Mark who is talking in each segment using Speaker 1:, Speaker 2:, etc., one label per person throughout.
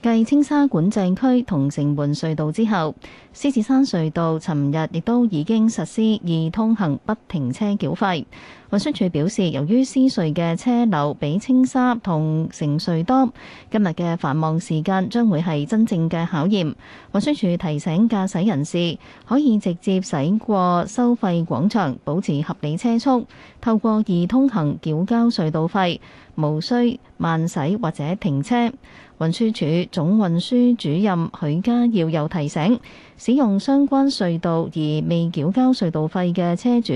Speaker 1: 繼青沙管制區同城門隧道之後，獅子山隧道尋日亦都已經實施易通行，不停車繳費。運輸署表示，由於獅隧嘅車流比青沙同城隧多，今日嘅繁忙時間將會係真正嘅考驗。運輸署提醒駕駛人士可以直接駛過收費廣場，保持合理車速，透過易通行繳交隧道費，無需慢駛或者停車。運輸署總運輸主任許家耀又提醒：使用相關隧道而未繳交隧道費嘅車主，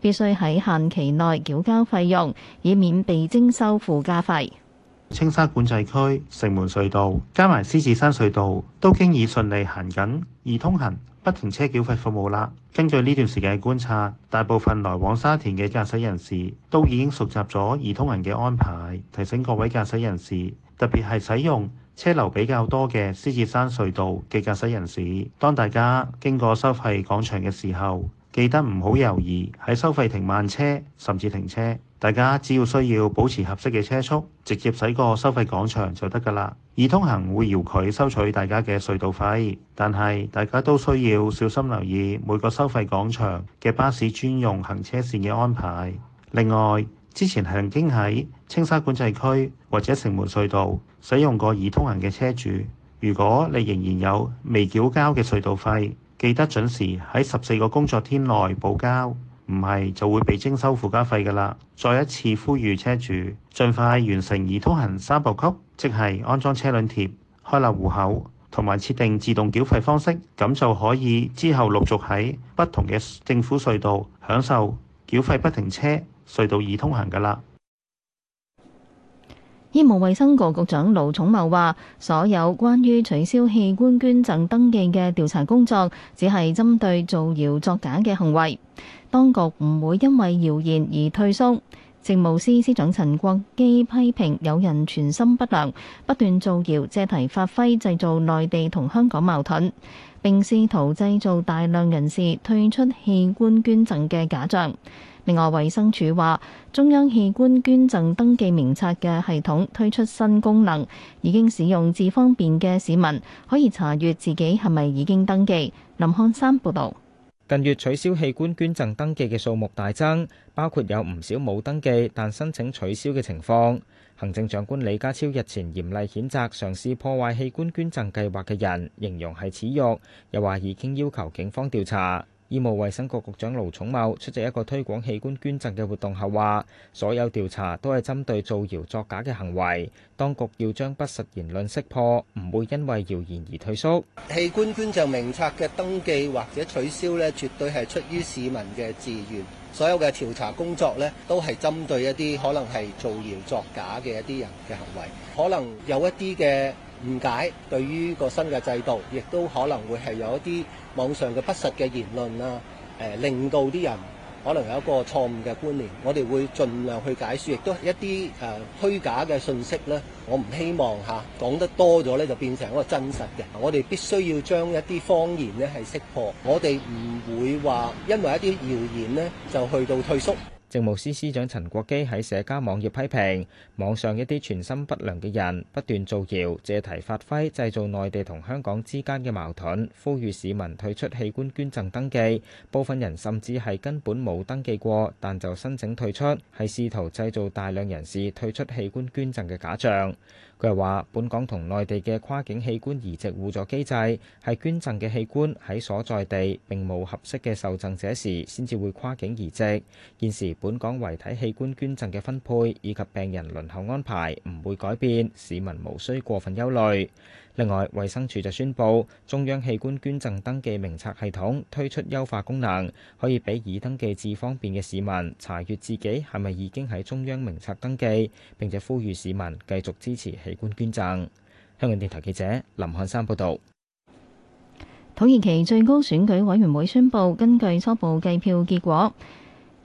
Speaker 1: 必須喺限期內繳交費用，以免被徵收附加費。
Speaker 2: 青沙管制區、城門隧道加埋獅子山隧道都經已順利行緊，易通行不停車繳費服務啦。根據呢段時間嘅觀察，大部分來往沙田嘅駕駛人士都已經熟習咗易通行嘅安排。提醒各位駕駛人士，特別係使用車流比較多嘅獅子山隧道嘅駕駛人士，當大家經過收費廣場嘅時候，記得唔好猶豫喺收費停慢車甚至停車。大家只要需要保持合適嘅車速，直接駛過收費廣場就得㗎啦。易通行會遙距收取大家嘅隧道費，但係大家都需要小心留意每個收費廣場嘅巴士專用行車線嘅安排。另外，之前曾經喺青沙管制區或者城門隧道使用過易通行嘅車主，如果你仍然有未繳交嘅隧道費，記得準時喺十四個工作天內補交，唔係就會被徵收附加費㗎啦。再一次呼籲車主盡快完成易通行三步曲，即係安裝車輛貼、開立戶口同埋設定自動繳費方式，咁就可以之後陸續喺不同嘅政府隧道享受繳費不停車。隧道已通行噶啦。
Speaker 1: 醫務衛生局局長盧寵茂話，所有關於取消器官捐贈登記嘅調查工作，只係針對造謠作假嘅行為。當局唔會因為謠言而退縮。政務司司長陳國基批評有人存心不良，不斷造謠，借題發揮，製造內地同香港矛盾，並試圖製造大量人士退出器官捐贈嘅假象。另外，衛生署話中央器官捐贈登記名冊嘅系統推出新功能，已經使用至方便嘅市民可以查閲自己係咪已經登記。林漢山報道。
Speaker 3: 近月取消器官捐贈登記嘅數目大增，包括有唔少冇登記但申請取消嘅情況。行政長官李家超日前嚴厲譴責嘗試，試，試破壞器官捐贈計劃嘅人，形容係恥辱，又話已經要求警方調查。醫務衛生局局長盧寵茂出席一個推廣器官捐贈嘅活動後話：所有調查都係針對造謠作假嘅行為，當局要將不實言論識破，唔會因為謠言而退縮。
Speaker 4: 器官捐贈名冊嘅登記或者取消咧，絕對係出於市民嘅自願。所有嘅調查工作咧，都係針對一啲可能係造謠作假嘅一啲人嘅行為，可能有一啲嘅。誤解對於個新嘅制度，亦都可能會係有一啲網上嘅不實嘅言論啊。誒，令到啲人可能有一個錯誤嘅觀念。我哋會盡量去解說，亦都一啲誒虛假嘅信息呢。我唔希望嚇講得多咗呢，就變成一個真實嘅。我哋必須要將一啲謊言呢係識破。我哋唔會話因為一啲謠言呢就去到退縮。
Speaker 3: 政務司司長陳國基喺社交網頁批評網上一啲存心不良嘅人不斷造謠、借題發揮、製造內地同香港之間嘅矛盾，呼籲市民退出器官捐贈登記。部分人甚至係根本冇登記過，但就申請退出，係試圖製造大量人士退出器官捐贈嘅假象。佢話：本港同內地嘅跨境器官移植互助機制，係捐贈嘅器官喺所在地並冇合適嘅受贈者時，先至會跨境移植。現時本港遺體器官捐贈嘅分配以及病人輪候安排唔會改變，市民無需過分憂慮。另外，衛生署就宣布中央器官捐贈登記名冊系統推出優化功能，可以俾已登記至方便嘅市民查閲自己係咪已經喺中央名冊登記，並且呼籲市民繼續支持器官捐贈。香港電台記者林漢山報導。
Speaker 1: 土耳其最高選舉委員會宣布，根據初步計票結果，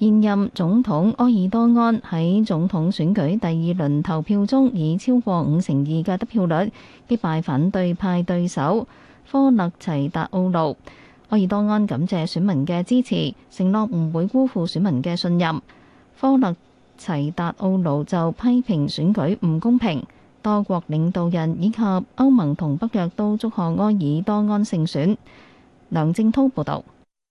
Speaker 1: 現任總統埃爾多安喺總統選舉第二輪投票中，以超過五成二嘅得票率擊敗反對派對手科勒齊達奧路。埃爾多安感謝選民嘅支持，承諾唔會辜負選民嘅信任。科勒齊達奧路就批評選舉唔公平。多國領導人以及歐盟同北約都祝賀埃爾多安勝選。梁正滔報導。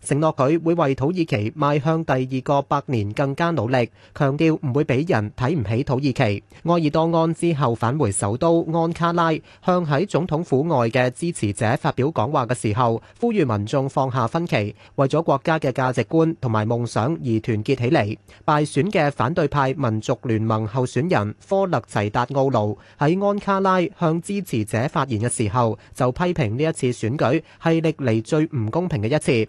Speaker 4: 承諾佢會為土耳其邁向第二個百年更加努力，強調唔會俾人睇唔起土耳其。埃爾多安之後返回首都安卡拉，向喺總統府外嘅支持者發表講話嘅時候，呼籲民眾放下分歧，為咗國家嘅價值觀同埋夢想而團結起嚟。敗選嘅反對派民族聯盟候選人科勒齊達奧路喺安卡拉向支持者發言嘅時候，就批評呢一次選舉係歷嚟最唔公平嘅一次。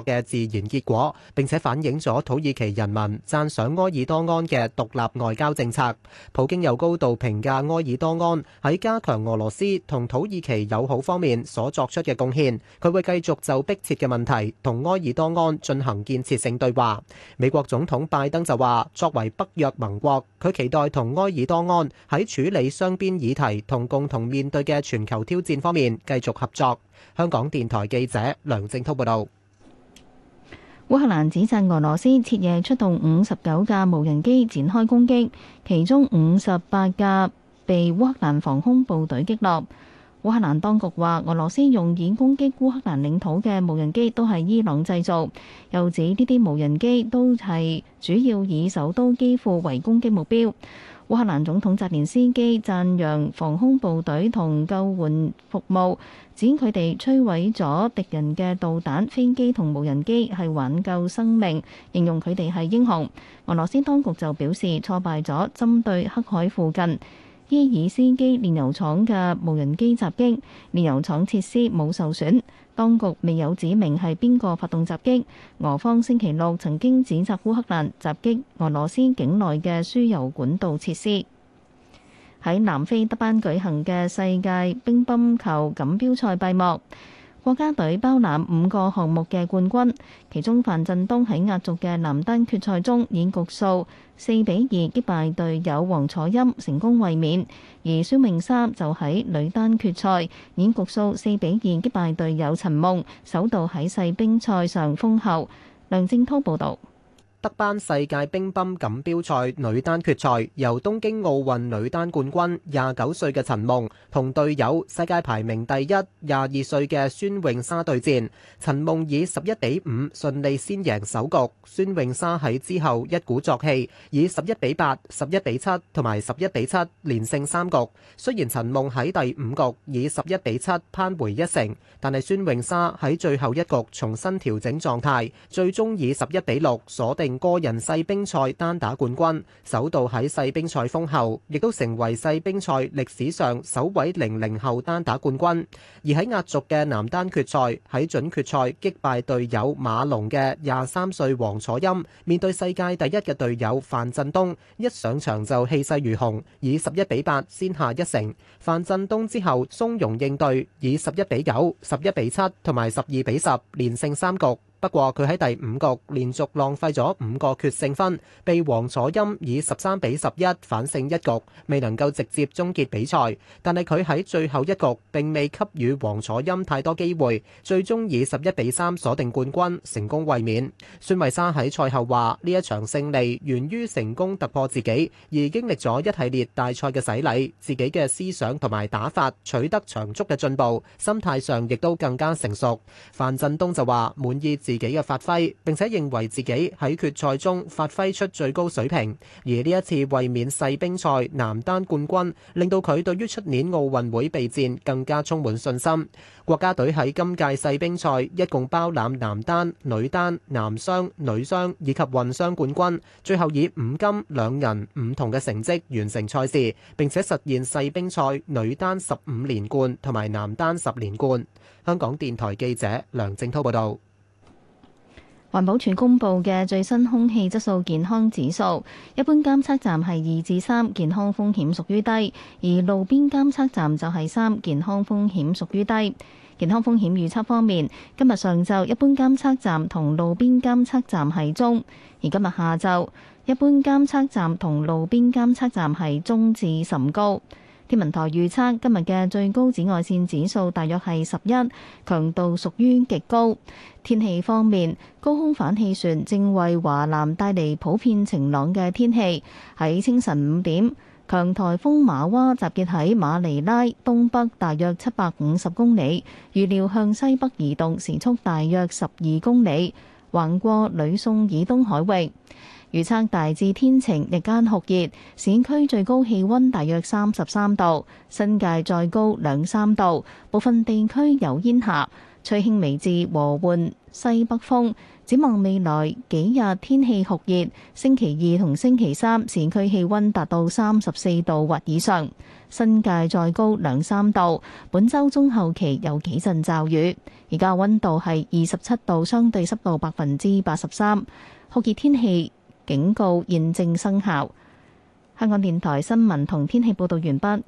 Speaker 4: 嘅自然結果，並且反映咗土耳其人民讚賞埃爾多安嘅獨立外交政策。普京又高度評價埃爾多安喺加強俄羅斯同土耳其友好方面所作出嘅貢獻。佢會繼續就迫切嘅問題同埃爾多安進行建設性對話。美國總統拜登就話：作為北約盟國，佢期待同埃爾多安喺處理雙邊議題同共同面對嘅全球挑戰方面繼續合作。香港電台記者梁正濤報道。
Speaker 1: 烏克蘭指稱俄羅斯徹夜出動五十九架無人機展開攻擊，其中五十八架被烏克蘭防空部隊擊落。烏克蘭當局話，俄羅斯用以攻擊烏克蘭領土嘅無人機都係伊朗製造，又指呢啲無人機都係主要以首都機庫為攻擊目標。烏克蘭總統澤連斯基讚揚防空部隊同救援服務，指佢哋摧毀咗敵人嘅導彈、飛機同無人機係挽救生命，形容佢哋係英雄。俄羅斯當局就表示挫敗咗針對黑海附近。伊爾斯基煉油廠嘅無人機襲擊，煉油廠設施冇受損，當局未有指明係邊個發動襲擊。俄方星期六曾經指責烏克蘭襲擊俄羅斯境內嘅輸油管道設施。喺南非德班舉行嘅世界乒乓球錦標賽閉幕。國家隊包攬五個項目嘅冠軍，其中樊振東喺壓軸嘅男單決賽中，演局數四比二擊敗隊友王楚欽，成功衛冕；而孫穎莎就喺女單決賽，演局數四比二擊敗隊友陳夢，首度喺世乒賽上封後。梁正濤報道。
Speaker 4: 德班世界乒乓錦標賽女單決賽，由東京奧運女單冠軍廿九歲嘅陳夢同隊友世界排名第一廿二歲嘅孫穎莎對戰。陳夢以十一比五順利先贏首局，孫穎莎喺之後一鼓作氣以十一比八、十一比七同埋十一比七連勝三局。雖然陳夢喺第五局以十一比七扳回一城，但係孫穎莎喺最後一局重新調整狀態，最終以十一比六鎖定個人世乒賽單打冠軍，首度喺世乒賽封後，亦都成為世乒賽歷史上首位零零後單打冠軍。而喺壓軸嘅男單決賽，喺準決賽擊敗隊友馬龍嘅廿三歲王楚欽，面對世界第一嘅隊友樊振東，一上場就氣勢如虹，以十一比八先下一城。樊振東之後松容應對，以十一比九、十一比七同埋十二比十連勝三局。不過佢喺第五局連續浪費咗五個決勝分，被王楚欽以十三比十一反勝一局，未能夠直接終結比賽。但係佢喺最後一局並未給予王楚欽太多機會，最終以十一比三鎖定冠軍，成功衛冕。孫穎莎喺賽後話：呢一場勝利源於成功突破自己，而經歷咗一系列大賽嘅洗禮，自己嘅思想同埋打法取得長足嘅進步，心態上亦都更加成熟。樊振東就話：滿意自自己嘅發揮，並且認為自己喺決賽中發揮出最高水平。而呢一次衛冕世乒賽男單冠軍，令到佢對於出年奧運會備戰更加充滿信心。國家隊喺今屆世乒賽一共包攬男單、女單、男雙、女雙以及混雙冠軍，最後以五金兩銀五銅嘅成績完成賽事，並且實現世乒賽女單十五連冠同埋男單十連冠。香港電台記者梁靜濤報道。
Speaker 1: 環保署公布嘅最新空氣質素健康指數，一般監測站係二至三，健康風險屬於低；而路邊監測站就係三，健康風險屬於低。健康風險預測方面，今日上晝一般監測站同路邊監測站係中；而今日下晝一般監測站同路邊監測站係中至甚高。天文台預測今日嘅最高紫外線指數大約係十一，強度屬於極高。天氣方面，高空反氣旋正為華南帶嚟普遍晴朗嘅天氣。喺清晨五點，強颱風瑪娃集結喺馬尼拉東北大約七百五十公里，預料向西北移動，時速大約十二公里，橫過呂宋以東海域。預測大致天晴，日間酷熱，市區最高氣溫大約三十三度，新界再高兩三度，部分地區有煙霞，吹輕微至和緩西北風。展望未來幾日天氣酷熱，星期二同星期三市區氣溫達到三十四度或以上，新界再高兩三度。本周中後期有幾陣驟雨，而家溫度係二十七度，相對濕度百分之八十三，酷熱天氣警告現正生效。香港電台新聞同天氣報道完畢。